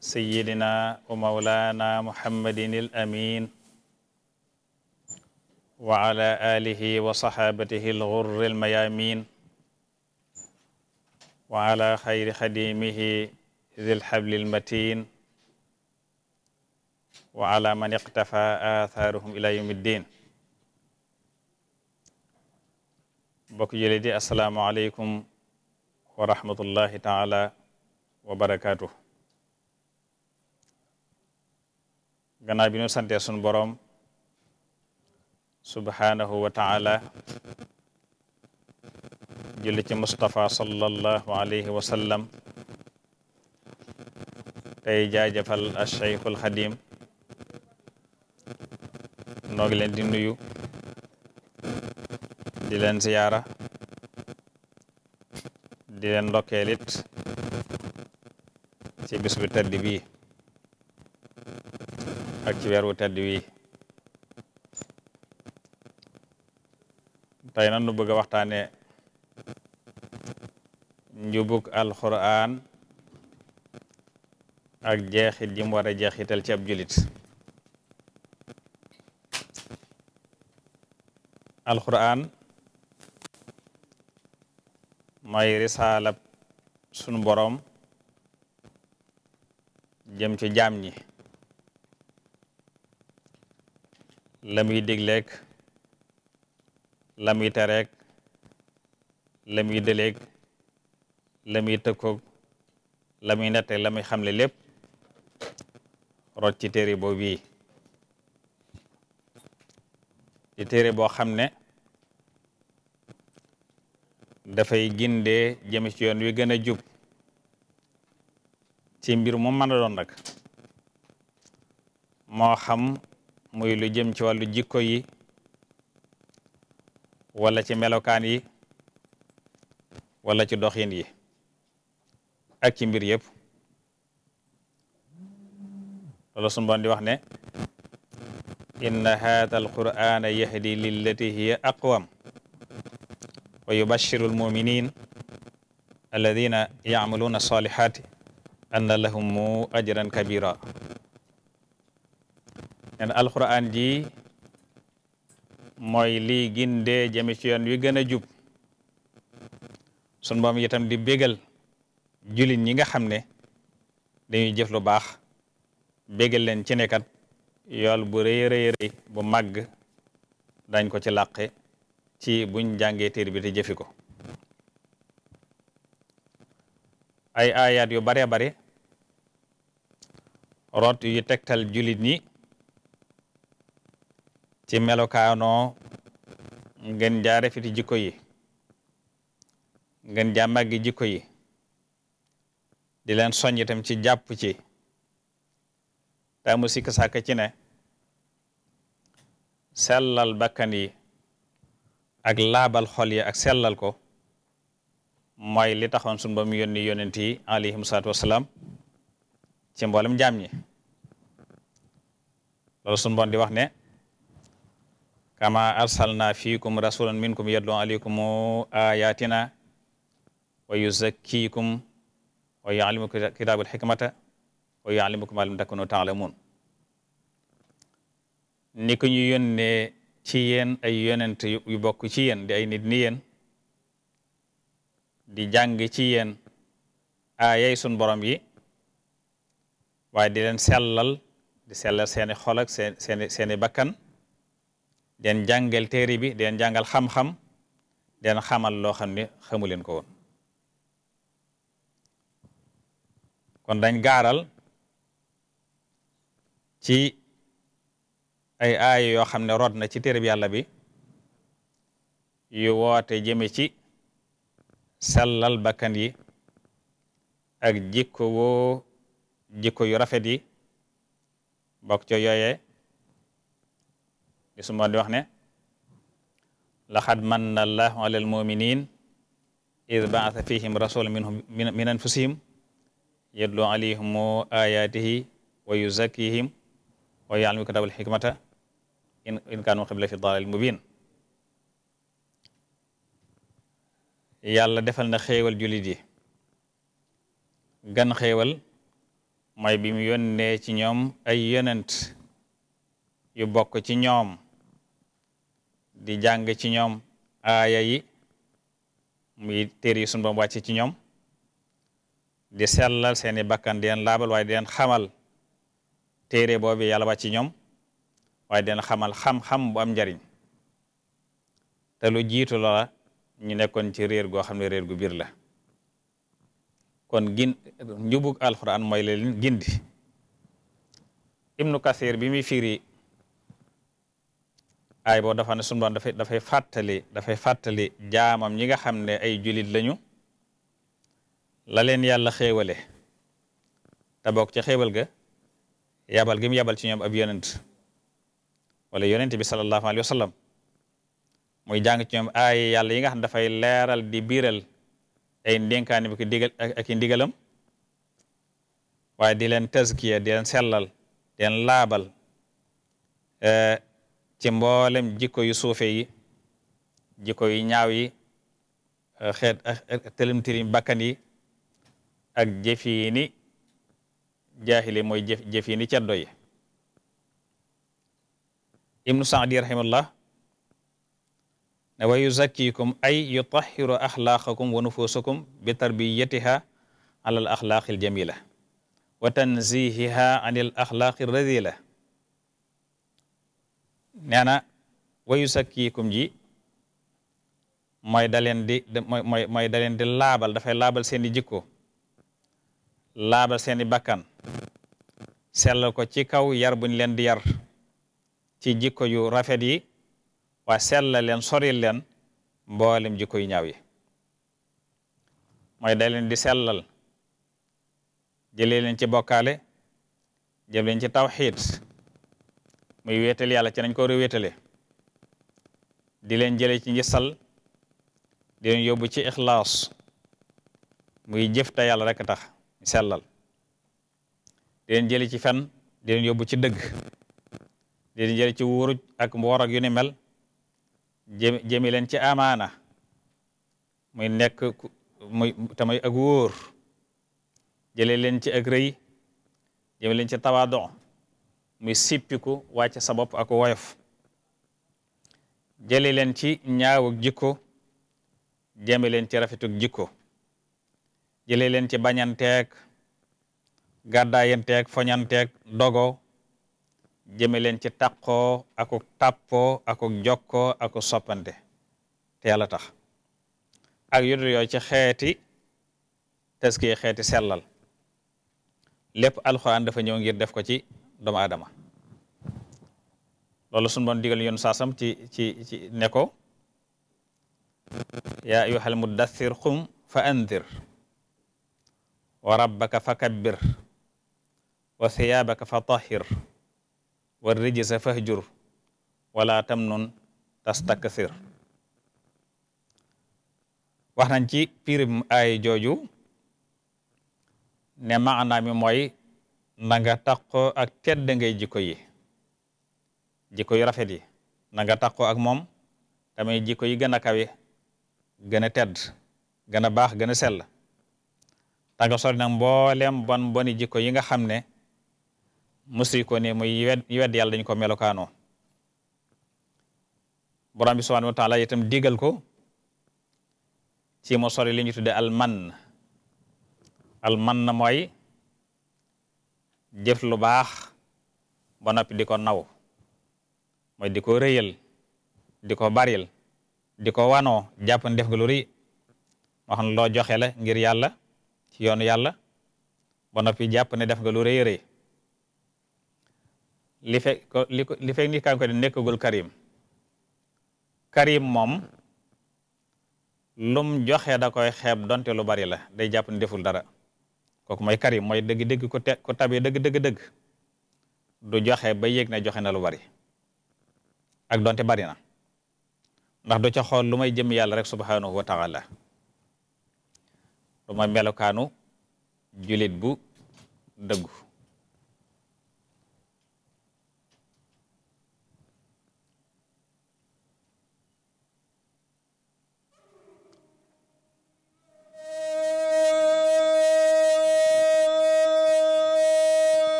سيدنا ومولانا محمد الأمين وعلى آله وصحابته الغر الميامين وعلى خير خديمه ذي الحبل المتين وعلى من اقتفى آثارهم إلى يوم الدين بك جلدي السلام عليكم ورحمة الله تعالى وبركاته gannaaw bi ñu santee suñu boroom subhaanahu wa taala julli ci Mustafa sallallahu alayhi wa sallam tey jaajëfal Cheikhul Xadim noo ngi leen di nuyu di leen ziyaara di leen ndokkeel ci bis bu tedd ak ci weer wu tedd wi tey nan nu bëgg a waxtaane njubug alxuraan ak jeexit ji mu war a jeexital ci ab julit alxuraan mooy risaalab sun boroom jëm ci jaam ñi la muy digleeg la muy tereeg la muy dëleeg la muy tëkkoog la muy nette la muy xamle lépp rot ci téere boobu bii téere boo xam ne dafay gindee jëm ci yoon wi gën a jub ci mbir mu mën a doon rek moo xam muy lu jëm ci wàllu jikko yi wala ci melokaan yi wala ci doxin yi ak ci mbir yëpp loolu sunu Boroom di wax ne inna haadha alqur'ana yahdi lillati aqwam wa yubashiru almuminin alladina yacmaluuna alsalihati anna ajran kabira nen alxuraan ji mooy lii de jëme ci yoon wi gën a jub sun boom itam di bégal jullit ñi nga xam ne dañuy jëf lu baax bégal leen ci nekkat yool bu rëy rëy bu màgg dañ ko ci làqe ci buñ jàngee téere bi te jëfi ko ay ayaat yu bare bare root yu tegtal jullit ñi ci melokaanoo ngeen jaa rafeti jikko yi ngeen jaa màggi jikko yi di leen soññ itam ci jàpp ci tamu sikk sàkk ci ne sellal bakkan yi ak laabal xol yi ak sellal ko mooy li taxoon suñu ba mu yónni yónent yi alayhim ci mboolem jaam yi loolu suñu bon wax ne kama arsalna fikum rasulan minkum yatlu alaykum ayatina wa yuzakkikum wa yuallimukum kitabal hikmata wa ni ko ñu yónnee ci yéen ay yonent yu bokk ci yéen di ay nit ni yéen di jàng ci yéen aayay sun borom yi waaye di leen sellal di sellal seeni xol ak seen seeni bakkan den jàngal téere bi den jàngal xam-xam den xamal loo xam ne xamu leen ko woon kon dañ gaaral ci ay aaya yoo xam ne rod na ci téere bi yàlla bi yu woote jëme ci sellal bakkan yi ak jikko woo jikko yu rafet yi bokk ca yooyee li su ma di wax ne laxad manna allahu ala almuminin id fihim rasul min anfusihim yetlu alayhim ayatihi wa yuzakkihim wa yaalimu kitaab alxikmata in kaanu xibla fi dalal mubin yàlla defal na xéewal jullit yi gan xéewal mooy bi mu ci ñoom ay yonent yu bokk ci ñoom di jàng ci ñoom aaya yi muy téere yi sunu Boroom wàcce ci ñoom di sellal seeni bakkan di leen laabal waaye di leen xamal téere boobi yàlla ci ñoom waaye di leen xamal xam-xam bu am njariñ te lu jiitu loola ñu nekkoon ci réer goo xam ne réer gu biir la kon gin njubug alxuraan mooy leen gindi ibnu kasir bi muy firi ay boo dafa ne sunu dafay dafay fàttali dafay fàttali jaamam ñi nga xam ne ay julit lañu la leen yàlla xéewale te bokk ca xéewal ga yabal gi mu yabal ci ñoom ab yonent wala yonent bi sallallahu alayhi wa sallam muy jàng ci ñoom ay yàlla yi nga xam dafay leeral di biiral ay ndénkaani bi ko digal ak i di leen tazkiya di leen sellal di laabal eh, ci mboolem jikko yu suufe yi jikko yu ñaaw yi eh, xeet eh, eh, bakkan yi ak jëfiini jaahili mooy jëf jëfiini ceddo yi ibnu saadi rahimahullah ne wa yuzakkikum ay yutahiru axlaaqakum wa nufusakum bi tarbiyatiha ala al wa tanzihiha an al axlaaqi nee na wayu sakkiikum ji mooy da leen laabal dafay laabal seeni jikko laabal seeni bakkan sellal ko ci kaw yar buñ leen di yar ci jikko yu rafet yi waa sellal leen soril leen mboolem jikko yu ñaaw yi mooy da leen di sellal jëlee leen ci bokkale jëlee leen ci tawxiid muy wéetal yàlla ci nañ ko war di leen jële ci ngisal di leen yóbbu ci ixlaas muy jëf te yàlla rek tax sellal di leen jële ci fen di leen yóbbu ci dëgg di leen jële ci wuuruj ak mboorak yu ni mel jëmi leen ci amaana muy nekk muy ak wóor jële leen ci ak rëy jëmi leen ci tawaadon muy sippiku wàcce sa bopp ak woyof jële leen ci ñaawuk jikko jëme leen ci rafetuk jikko jële leen ci bañanteeg gàddaayanteeg foñanteeg dogo jëme leen ci taqoo akuk tàppoo akuk soppante te yàlla tax ak yudu yooyu ci xeeti taski xeeti sellal lépp alxuraan dafa ñëw ngir def ko ci doomu aadama loolu suñu digal yoon saasam ci ci ci ne ko yaa muddathir qum fa andir wa rabbaka fa kabbir wa thiyaabaka fa tahir wa rijsa fahjur wala tamnun tastakthir wax ci pirim ay jooju ne maana mi mooy nanga nga ak tedd ngay jikko yi jikko yu rafet yi na nga taqoo ak moom tamit jikko yi gën a kawe gën a tedd gën a baax gën a sell ta nga sori nag mboolem bon jikko yi nga xam ne musi ne ni muy wedd yàlla dañu ko melokaanoo borom bi subhanahu wa taala itam digal ko ci mu sori li ñu tudde alman alman na mooy jëf lu baax ba noppi di ko naw mooy di ko rëyal di ko baril di ko wanoo jàpp ne def nga lu rëy moo xam ne joxe la ngir yàlla ci yoonu yàlla ba noppi jàpp ne def nga lu rëy rëy li fekk li li fekk nit kaa nekkagul karim karim moom lum joxe da koy xeeb donte lu bari la day jàpp ne deful dara kooku mooy karim mooy dëgg-dëgg ko te ku tabe dëgg-dëgg-dëgg du joxe ba yéeg na joxe na lu bari ak donte bari na ndax du ca xool lu may jëm yàlla rek subhanahu wa taala lu mooy melokaanu julit bu dëggu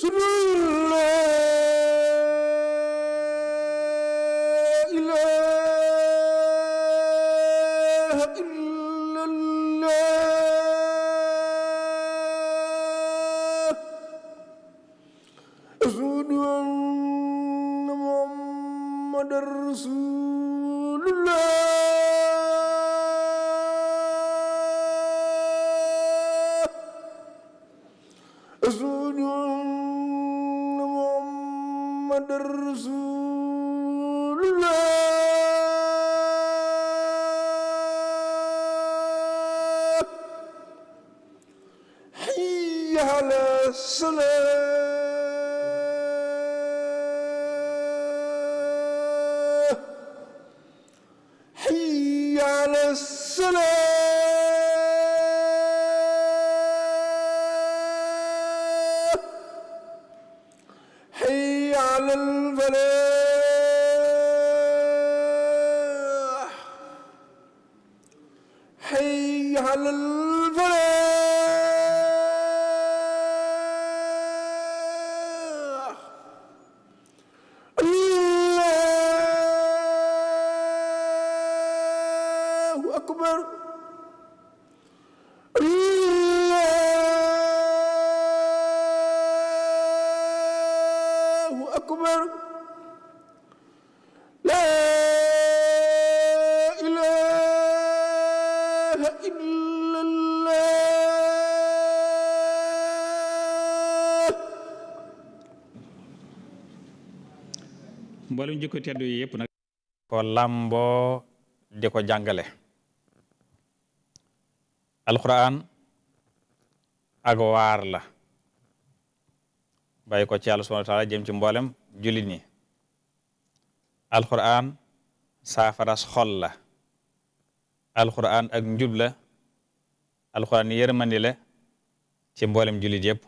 suñu أكبر الله أكبر لا إله إلا الله mboolem jikko tedd yi yëpp nag ko làmboo di ko jàngale alxuraan ak waar la bàyyi ko ci yàlla subhanahu wa jëm ci mboolem jullit ñi alxuraan saafaras xol la alxuraan ak njub la alxuraan yërmandi ci mboolem jullit yëpp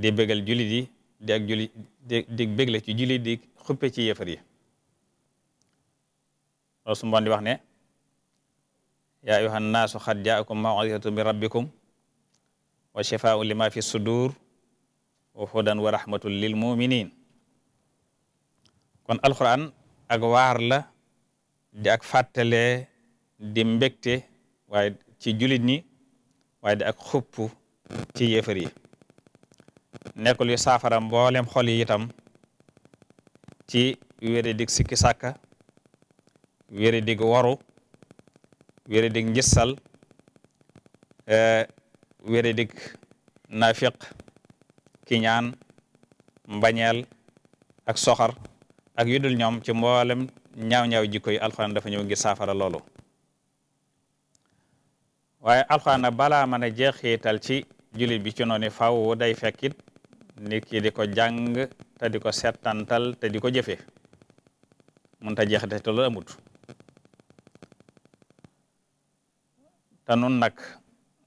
di bégal jullit yi di di bégle ci jullit di xuppe ci yëfar yi loolu su yaa ayuha nnaasu xad jaakum mawidatu min rabbikum wa shifaau lima fi sudur wa hudan wa rahmatul lil muminin kon alquran ak waar di ak fàttalee di mbégte waaye ci julit ñi waaye di ak xupp ci yéefar yi nekkul yu saafara mboolem xol yi itam ci wére dig sikki sàkka wére waru wére dig njissal euh, wére dig nafiq kiñaan mbañeel ak soxar ak yu ñoom ci mboolem ñaaw-ñaaw jikko yi alxuraan dafa ñëw ngir saafara loolu waaye alxuraan na balaa mën a jeexital ci jullit bi ci noonu faaw day fekkit nit ki di ko jàng te di ko settantal te di ko jëfe mun ta jeexite te te nun nag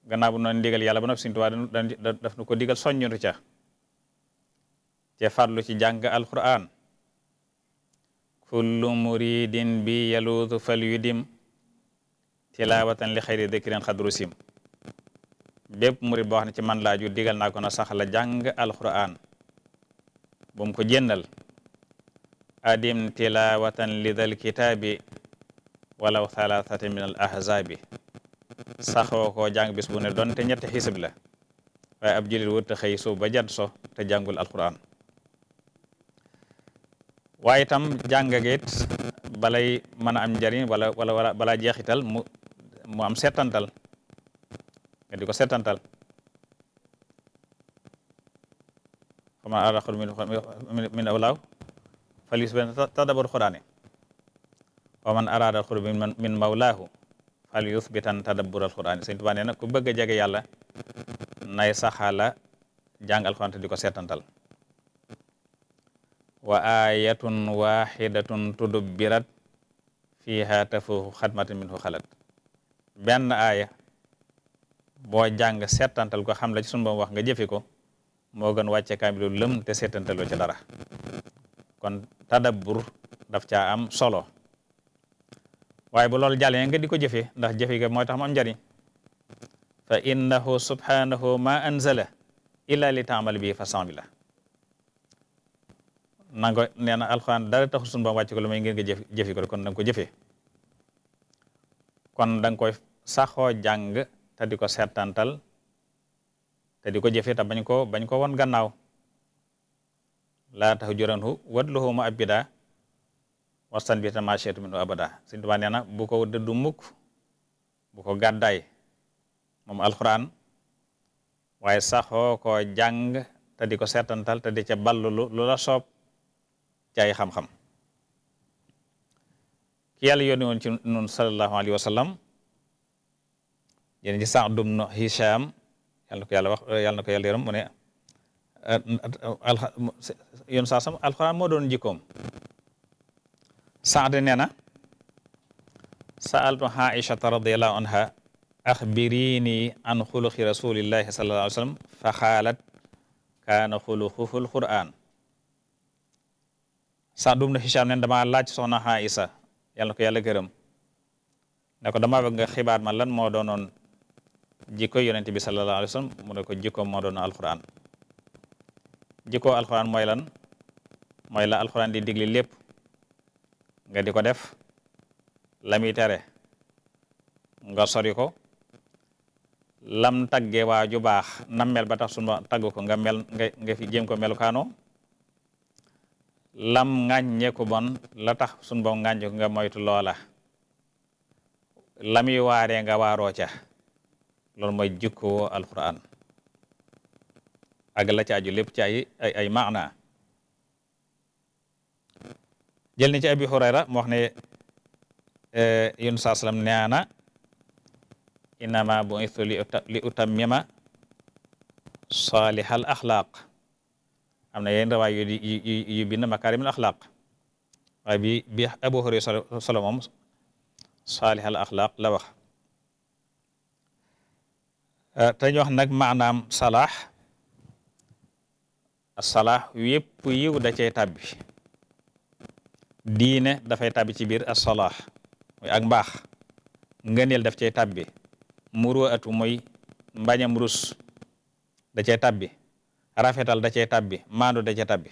gannaaw bu noonu digal yàlla ba noppi Sëriñ Tuubaa daf ko digal soññu ca te farlu ci jàng alquran kullu muridin bi yaluutu fal yudim tilawatan li xayri dikrin xadru sim bépp boo xam ci man laaju ju digal naa ko na sax la jàng alquran ko jëndal adim tilawatan lidal kitaabi walaw thalathati min al saxoo koo jàng bis bu ne donte ñetti xisib la waaye ab te xëy suuf ba so te jàngul alquran waaye itam jàng balay mën am njariñ wala wala balaa jeexital mu mu am setantal nga ko setantal xama araqul min min mawlaahu fal yuthbitan tadabbur alquraan sëñ Tuubaa nee na ku bëgg a jege yàlla nay saxaala jàng alquraan te di ko seetantal wa ayatun waxidatun tudubbirat fiha tafuhu xadmatan minhu xalat benn aaya boo jàng seetantal ko xam la ci sunu Boroom wax nga jëfe ko moo gën wàcce kaamilu lëm te seetantaloo ci dara kon tadabbur daf caa am solo waaye bu loolu jàllee nga di ko jëfee ndax jëfe ga mooy tax mu am njariñ fa innahu subhanahu ma anzala illa li taamal bi fa san bi la nango nee na alxuraan dara taxul suñu ba wàcc ko lu may ngeen nga jëf ko kon da ko jëfee kon da nga koy saxoo jàng te di ko seetantal te di ko jëfee bañ ko bañ ko won gannaaw laa tax juranhu wadluhu ma wastan bi ma cheetu min abada Sëñ Tuubaa nee na bu ko dëddu mukk bu ko gàddaay moom alxuraan waaye saxoo koo jàng te di ko seetantal te di ca ballu lu la soob ci ay xam-xam ki yàlla yónni woon ci nun sallallahu alayhi wa sallam na ko yàlla wax yàlla na ko eh, eh, doon jikkoom Saad nee na saaltu Aishata radiallahu anha axbirini an xuluqi rasulillahi sallallahu alayhi wa sallam fa xaalat kaana xuluquhu lquran Saad ibn Hisham neen damaa laaj soxna Aisha yàlla ko yàlla gërëm ne ko damaa bëgg nga xibaar ma lan moo doonoon jikko yonente bi sallallahu alayhi wa sallam moo doonoon alquran jikko alquran mooy lan mooy la alquran di digli lépp nga di ko def la muy tere nga sori ko lam tagge waa ju baax nam mel ba tax suma tagg ko nga mel nga fi jéem ko melukaano lam ŋàññe ku bon la tax sun bo ŋàññe nga moytu loola la muy nga waaroo ca loolu mooy jikko alquran ak la ci aju lépp ci ay ay maana jël na ci abi hurayra mu wax ne e, yun saa sallam nee na innama li utammima salihal axlaq am na yeneen rawaay yu bind makaarimul axlaq waaye bi bi abu hurayra solo moom salihal la wax e, te wax nag maanaam salaax salaax yëpp yiw da cey tàbbi diine dafay tàbbi ci biir as-salaah muy ak mbaax ngëneel daf cay tàbbi muruwaatu mooy mbañam rus da cay tàbbi rafetal da cay tabbi maandu da cay tàbbi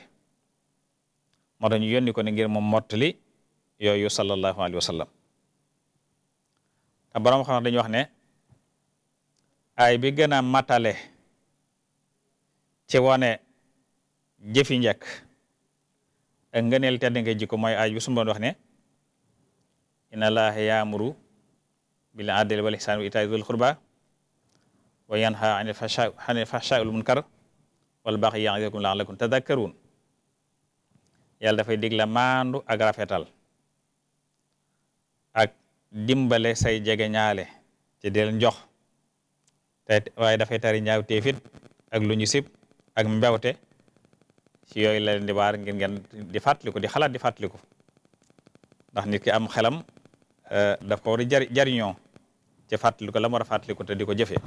moo tax ñu yónni ngir moom mottali yooyu sallallahu alayhi wa sallam te xam dañuy wax ne ay bi gën matale ci wone jëfi njëkk ak ngëneel tedd nga jikko mooy aaj bi sunu Boroom wax ne inna Allaha yaamuru bil adli wal ihsaan wa itaa'i dhil qurba wa yanha anil fahshaa'i wal munkar wal baghi ya'idukum la'allakum tadhakkarun yàlla dafay digle maandu ak rafetal ak dimbale say jege ñaale ci del njox te waaye dafay tari ñaaw téefit ak lu ñu ak mbewte ci yooyu la leen di waar ngeen di fàttaliku di xalaat di fàttaliku ndax nit ki am xelam eh, daf ko war a jari jariñoo ci fàttaliku la mu war a fàttaliku te di ko jëfee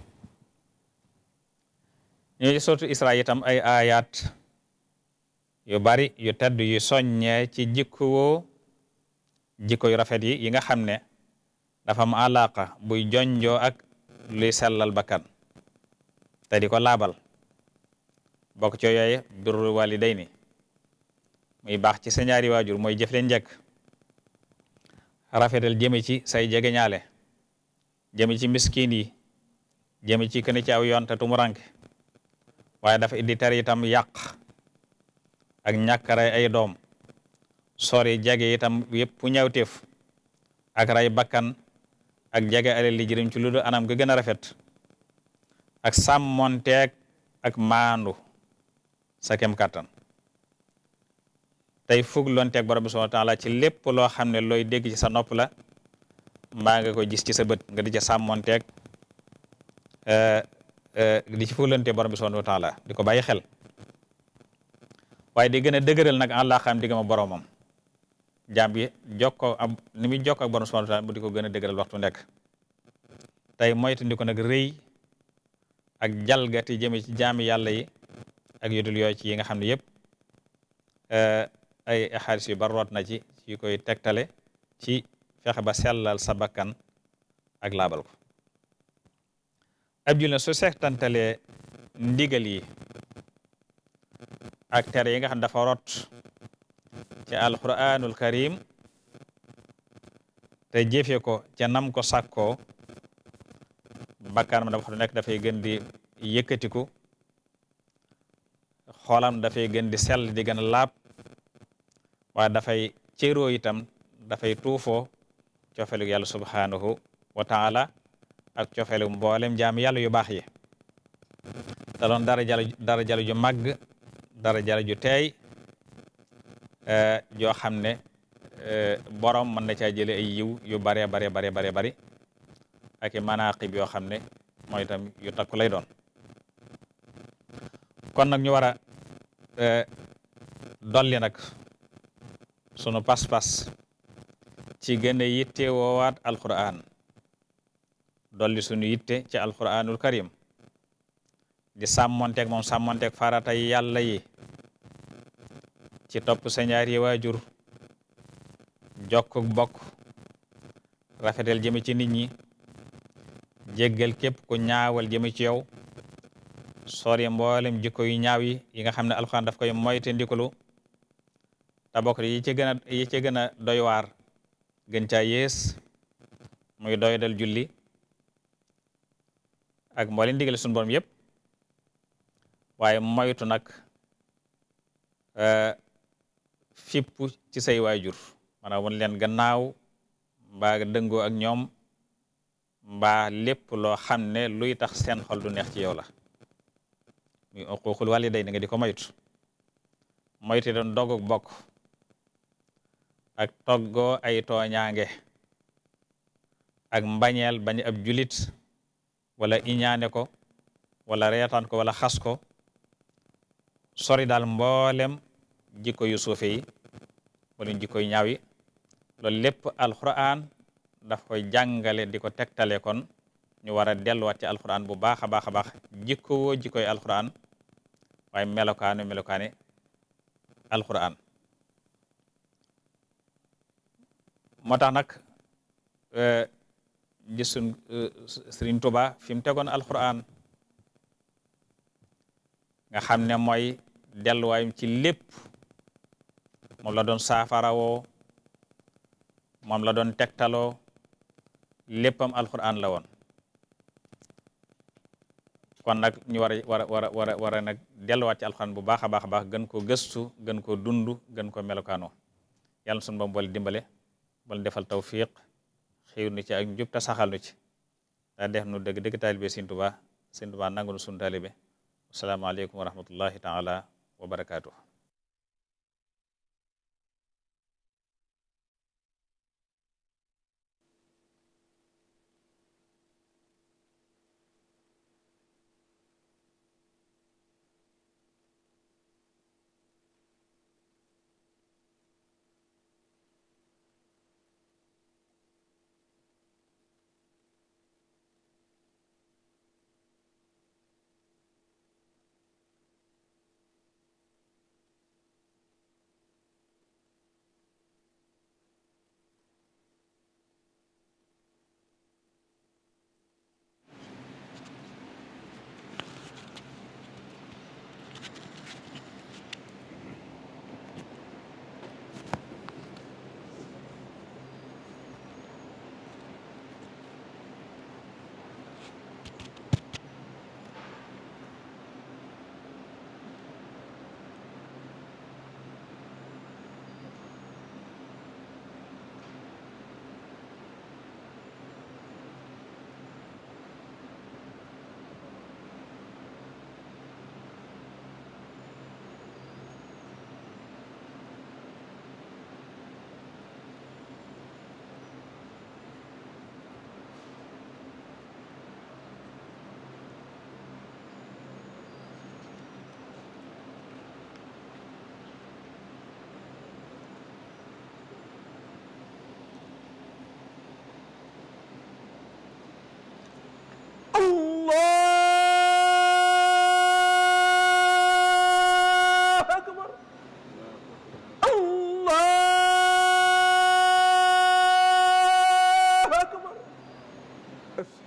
ñoo ci sootu Isra itam ay ayaat yu bari yu tedd yu soññee ci jikko jikko yu rafet yi yi nga xam ne dafa am alaqa buy jonjoo ak luy sellal bakkan te ko laabal bokk ci yooye birrul walidayni muy baax ci sa ñaari waajur mooy jëf leen njëkk rafetal jëme ci say jegeñaale jëme ci miskin yi jëme ci kën ci aw yoon te waaye dafa indi tar itam yàq ak ñàkkaray ay doom sori jage itam yëpp ñawteef ak ray bakkan ak jage alal li jëriñ ci lu anam ga gën a rafet ak sàmmonteeg ak maandu sa kem kàttan tey fug lonteeg borom bi taala ci lépp loo xam ne looy dégg ci sa nopp la mbaa nga ko gis ci sa bët nga di ca sàmmonteeg eh, eh, di ci fuglante borom bi subhanahu taala di ko bàyyi xel waaye di gën a dëgëral nag àllaa xam boromam jaam bi jokkoo am ni muy jokkoo ak borom subhanahu wa taala bu di ko gën a dëgëral waxtu nekk tey moytu ndi ko nag rëy ak jalgati jëme ci jaami yàlla yi ak yu dul yooyu ci yi nga xam ne yëpp eh, ay xaalis yu bari root na ci ci koy tegtale ci fexe ba sellal sa bakkan ak laabal ko ab jul ne su seetantalee ndigal yi ak tere yi nga xam ne dafa rot ci alquranul karim te jëfe ko ca nam ko sàkkoo bakkan ma dafa nekk dafay gën di ko xoolam dafay gën di sell di gën a laab waaye dafay cëroo itam dafay tuufoo cofelu yàlla subhaanahu wa taala ak cofelu mboolem jaam yàlla yu baax yi te doon jal ju ju màgg darajal ju teey eh, joo xam ne eh, borom mën na caa jële ay yiw yu bare bare bare bare bari ak i manaqib yoo xam ne mooy itam yu takk lay doon kon nag ñu war a e, dolli nag sunu pas-pas ci gën a yitte woowaat alquran dolli sunu yitte ci alquranul karim di sàmmonteeg moom sàmmonteeg farata yi yàlla yi ci topp sa ñaari waajur jokk bokk rafetal jëme ci nit ñi jéggal képp ku ñaawal jëme ci yow sori mboolem jikko yu ñaaw yi yi nga xam ne alxuraan daf koy moyte ndikulu te bokk yi ci gën a yi ci gën a doy waar gën yées muy doy dal julli ak mboolem ndigal suñu borom yëpp waaye moytu nag e, fipp ci say waajur maanaam won leen gannaaw mbaa dëngoo ak ñoom mba lépp loo xam ne luy tax seen xol du neex ci yow la muy uquuqul waliday ni nga di ko moytu moytu doon dogug bokk ak toggoo ay tooñaange ak mbañeel bañ ab julit wala iñaane ko wala reetaan ko wala xas ko sori daal mboolem jikko yu suufe yi wala jikko yu ñaaw yi loolu lépp alquran daf koy jàngale di ko tegtale kon ñu war a delluwaat ci alxuraan bu baax a baax a baax jikko woo jikkoy alxuraan waaye melokaanu melokaane alxuraan moo tax nag euh, gisuñ euh, Sëriñ Tuba fi mu tegoon alxuraan nga xam ne mooy delluwaayum ci lépp moom la doon saafarawoo moom la doon tegtaloo léppam alxuraan la woon kon nag ñu war a war a war a war a war a nag delluwaat ci alxuraan bu baax a baax a baax gën koo gëstu gën koo dund gën koo melokaano yàlla sunu boom boole dimbale boole defal tawfiq xiiw nu ci ak njub te saxal nu ci daa def nu dëgg dëgg taalibe Sëñ Tuubaa Sëñ Tuubaa nangu nu sunu taalibe asalaamaaleykum wa rahmatullahi taala wa barakaatu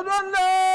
أشهد أن لا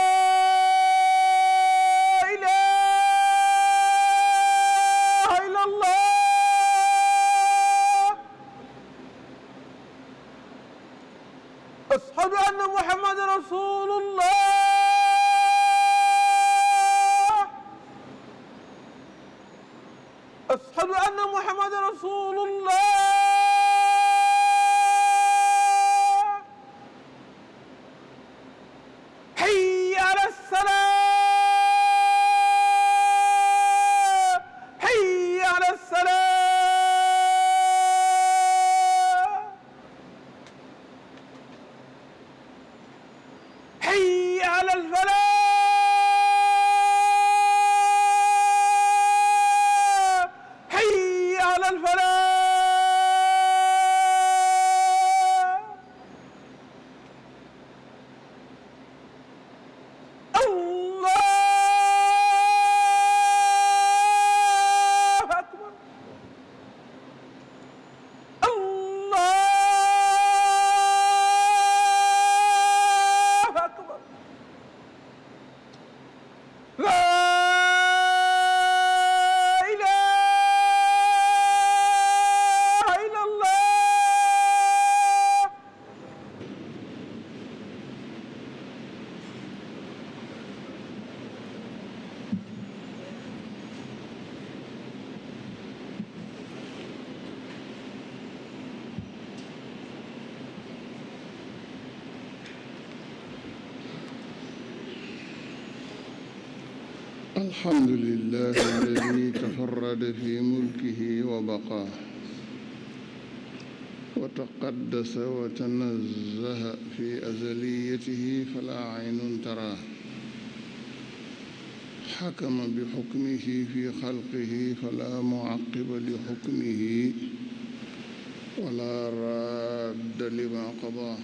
الحمد لله الذي تفرد في ملكه وبقاه وتقدس وتنزه في أزليته فلا عين تراه حكم بحكمه في خلقه فلا معقب لحكمه ولا راد لما قضاه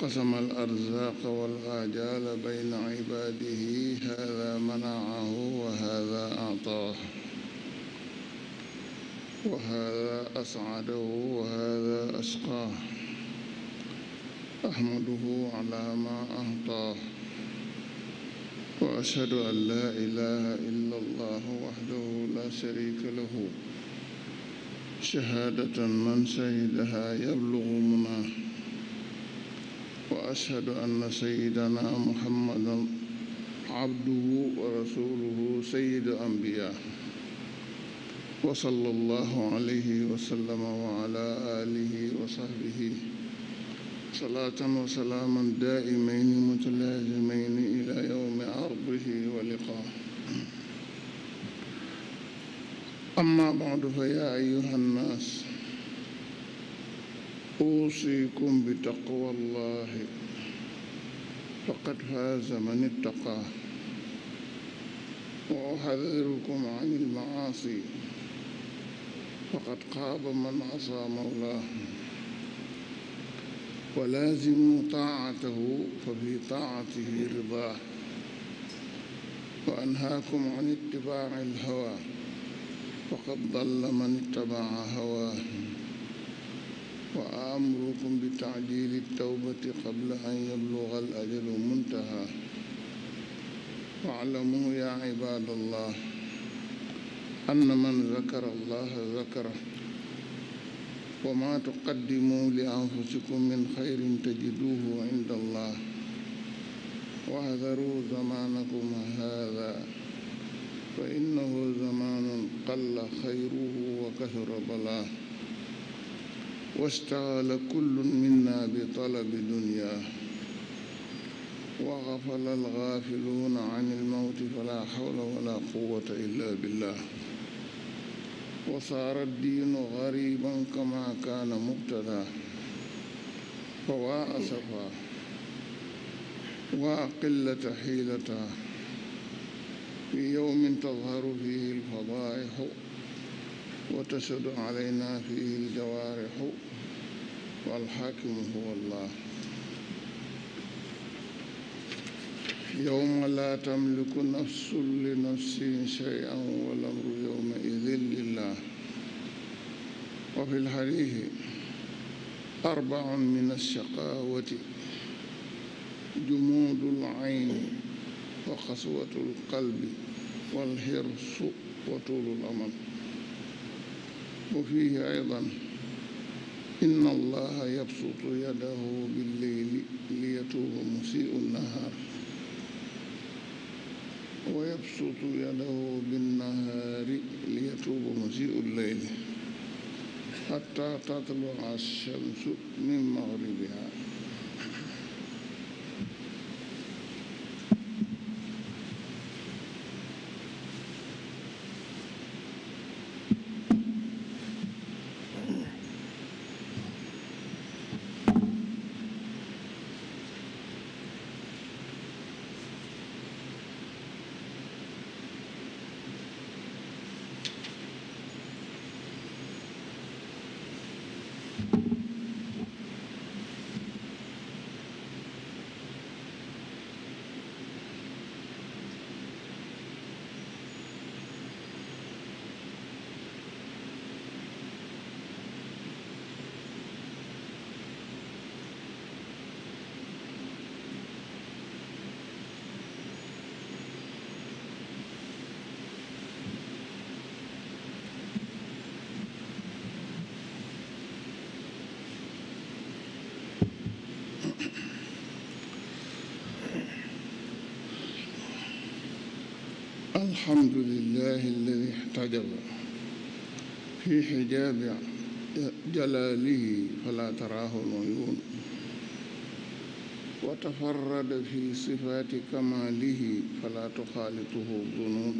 قسم الأرزاق والآجال بين عباده هذا منعه وهذا أعطاه وهذا أسعده وهذا أسقاه أحمده على ما أعطاه وأشهد أن لا إله إلا الله وحده لا شريك له شهادة من شهدها يبلغ مناه واشهد ان سيدنا محمدا عبده ورسوله سيد الانبياء وصلى الله عليه وسلم وعلى اله وصحبه صلاه وسلاما دائمين متلازمين الى يوم عرضه ولقائه اما بعد فيا ايها الناس أوصيكم بتقوى الله فقد فاز من اتقى وأحذركم عن المعاصي فقد خاب من عصى مولاه ولازموا طاعته ففي طاعته رضاه وأنهاكم عن اتباع الهوى فقد ضل من اتبع هواه wa amrukum bi taajili tawbati qabla an yabluga al ajalu muntaha waalamu ya ibadallah anna man zakara allaha zakara wa ma tuqaddimu li anfusikum min xayrin tajiduhu inda allah wahdaru zamanakum hada fa innahu zamanun qalla xayruhu wa kasura balaa واشتغل كل منا بطلب دنياه وغفل الغافلون عن الموت فلا حول ولا قوة إلا بالله وصار الدين غريبا كما كان مبتدا فوا أسفا وقلة حيلة في يوم تظهر فيه الفضائح وتشهد علينا فيه الجوارح والحاكم هو الله يوم لا تملك نفس لنفس شيئا والأمر يومئذ لله وفي الحديث أربع من الشقاوة جمود العين وقسوة القلب والحرص وطول الأمل وفيه أيضا إن الله يبسط يده بالليل ليتوب مسيء النهار ويبسط يده بالنهار ليتوب مسيء الليل حتى تطلع الشمس من مغربها الحمد لله الذي احتجب في حجاب جلاله فلا تراه العيون وتفرد في صفات كماله فلا تخالطه الظنون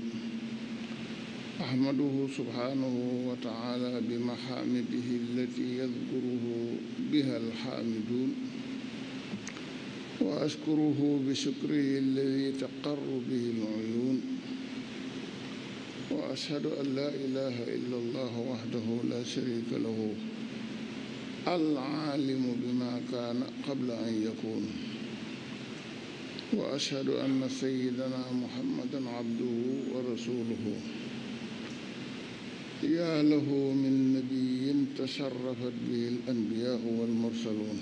أحمده سبحانه وتعالى بمحامده التي يذكره بها الحامدون وأشكره بشكره الذي تقر به العيون واشهد ان لا اله الا الله وحده لا شريك له العالم بما كان قبل ان يكون واشهد ان سيدنا محمدا عبده ورسوله يا له من نبي تشرفت به الانبياء والمرسلون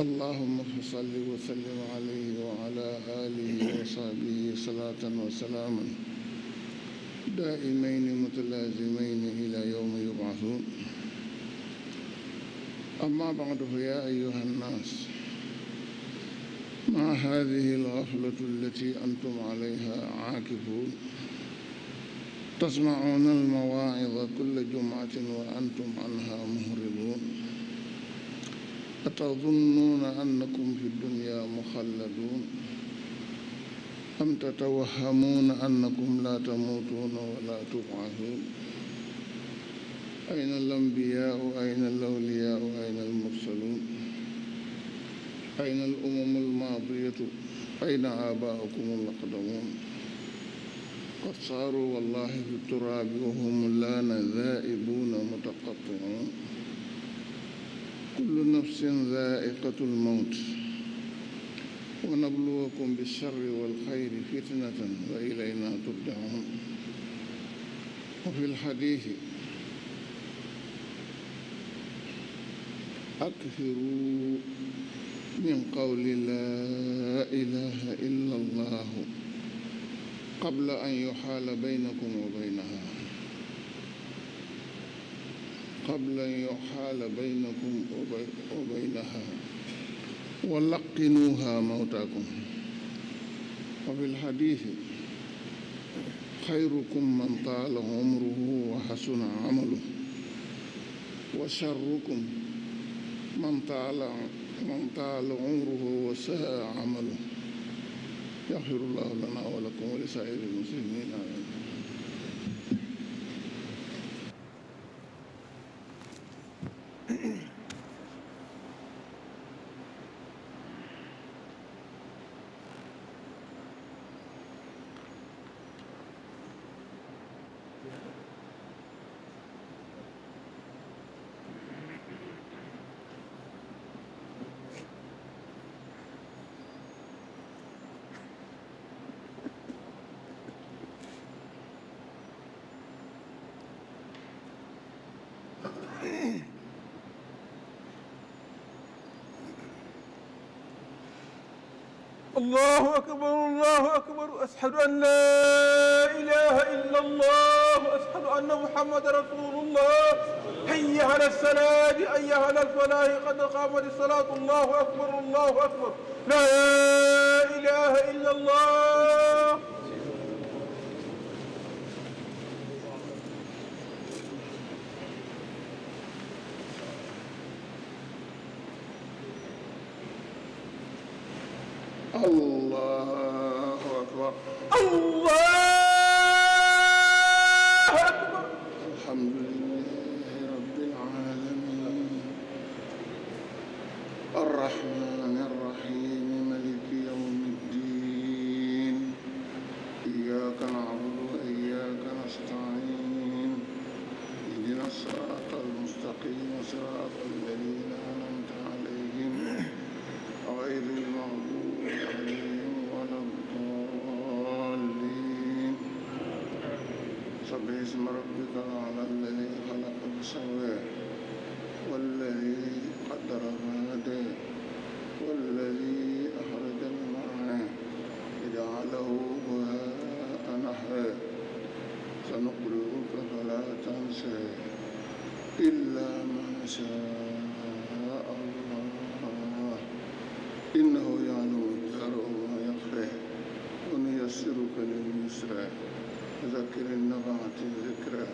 اللهم صل وسلم عليه وعلى اله وصحبه صلاه وسلاما دائمين متلازمين إلى يوم يبعثون أما بعد فيا أيها الناس مع هذه الغفلة التي أنتم عليها عاكفون تسمعون المواعظ كل جمعة وأنتم عنها مهربون أتظنون أنكم في الدنيا مخلدون am tatawahhamuuna annakum laa tamuutuuna walaa tub'athuun ayna al-anbiyaa'u ayna al-awliyaa'u ayna al-mursaluun ayna al-umamu al-maadiyatu ayna aabaa'ukum al-aqdamuun qad saaruu wallaahi fi turaabi wa hum laana zaa'ibuuna mutaqatti'uun kullu nafsin zaa'iqatul mawt ونبلوكم بالشر والخير فتنة وإلينا ترجعون وفي الحديث أكثروا من قول لا إله إلا الله قبل أن يحال بينكم وبينها قبل أن يحال بينكم وبينها ولقنوها موتاكم وفي الحديث خيركم من طال عمره وحسن عمله وشركم من طال من طال عمره وساء عمله يغفر الله لنا ولكم ولسائر المسلمين آمين allahu akbar allahu akbar ashadu an laa ilaha illa allah ashadu anna muhammadan rasulullah hayya ala salaati hayya ala falaahi qad qaamat salaatu allahu akbar allahu akbar laa ilaha illa allah له وأنا حي سنقرئك فلا تنسى إلا ما شاء الله إنه يعلم الجهر وما يخفى ونيسرك لليسرى فذكر النفعة الذكرى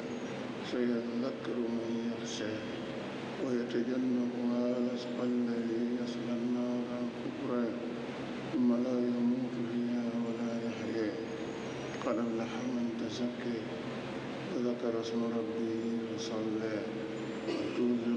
سيذكر من يخشى ويتجنبها الأشقى الذي قد أفلح من تزكي وذكر اسم ربه فصلى وتوزع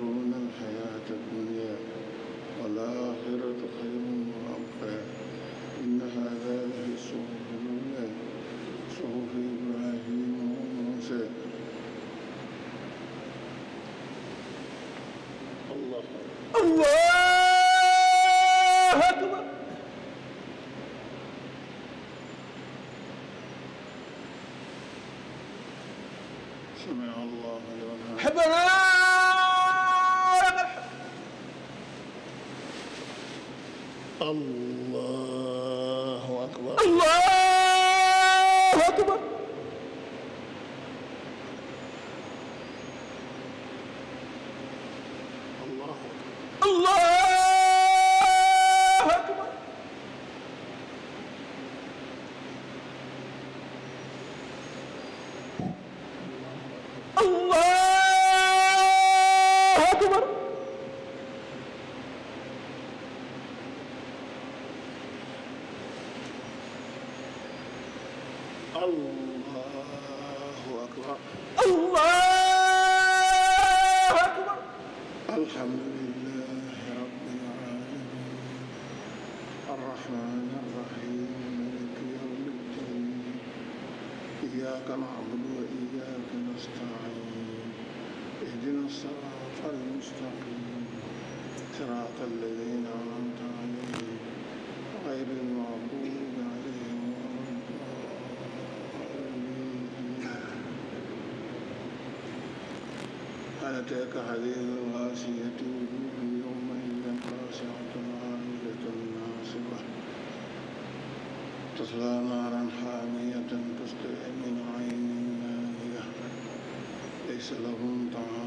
أتاك حديث الغاشية وجوه يومئذ خاشعة عاملة ناصبة تصلى نارا حامية تسقي من عين آنية ليس لهم طعام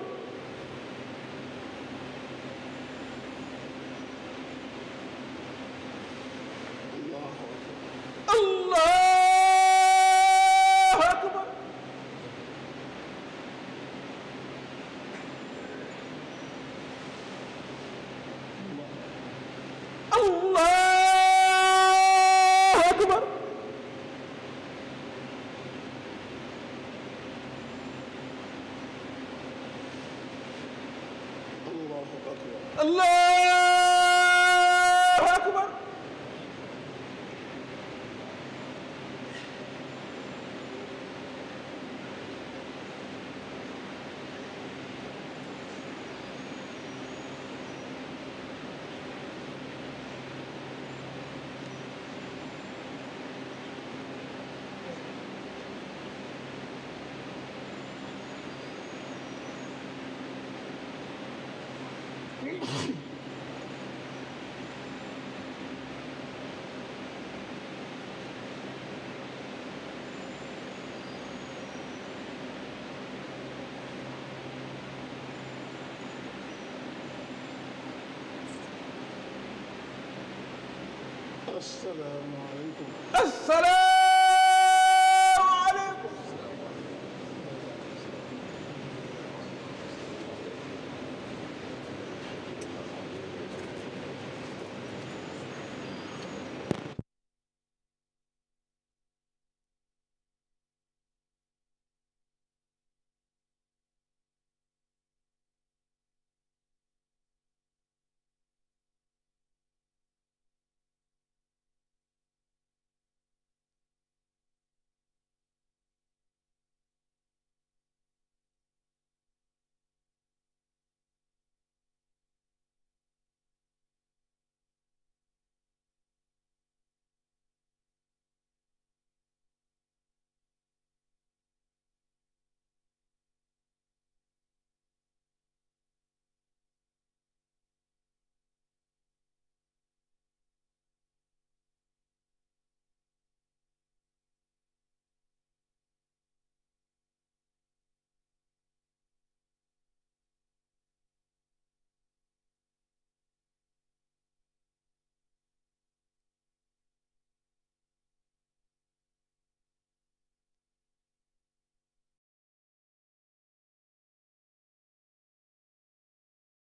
Allah asalaamaaleykum. asalaam.